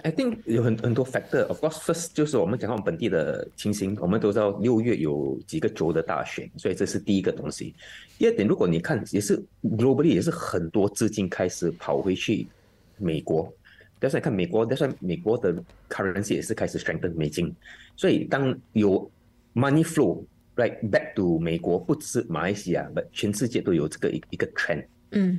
I think 有很很多 factor，of course，first 就是我們講們本地的情形，我們都知道六月有幾個州的大選，所以這是第一個東西。第二點，如果你看也是 globally 也是很多資金開始跑回去美國，但是你看美國，但是美國的 currency 也是開始 strengthen 美金，所以當有 money flow like back to 美國，不只是馬來西亞，全世界都有這個一一個 trend。嗯。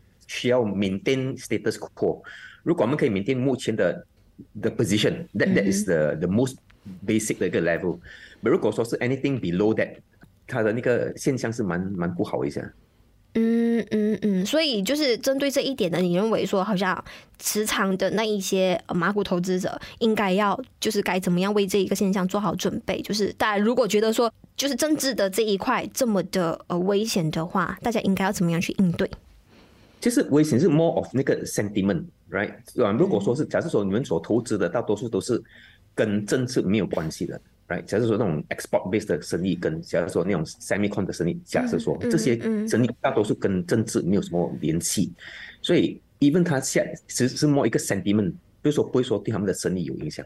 需要 maintain status quo。如果我們可以 maintain 目前的 the position，that、mm-hmm. that is the the most basic 的一個 level。But 如果說是 anything below that，它的那個現象是蠻蠻不好一些。嗯嗯嗯，所以就是針對這一點呢，你認為說，好像市場的那一些馬股投資者應該要，就是該怎麼樣為這一個現象做好準備？就是大家如果覺得說，就是政治的這一塊這麼的呃危險的話，大家應該要怎麼樣去應對？其實危險是 more of 那個 sentiment，right？如果說是，假設說你們所投資的大多數都是跟政治沒有關係的，right？假設說那種 export based 的生意，跟假如說那種 semicon 的生意，假設說這些生意大多數跟政治沒有什麼聯繫，所以 even 它下其實是 more 一個 sentiment，所以說不會說對他們的生意有影響。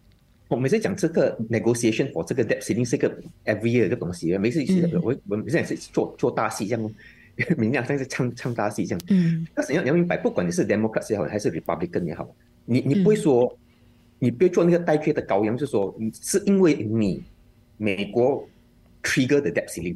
我每次講這個 negotiation for 這個 debt ceiling 是一個 every year 嘅東西的，每次就是、嗯、我我現在是做做大戲咁樣，明兩天是唱唱大戲，這樣。嗯，但是你要你要明白，不管你是 democrat 也好，還是 republican 也好，你你不會說、嗯、你不要做那個代罪的羔羊，就說你是因為你美國 trigger the debt ceiling。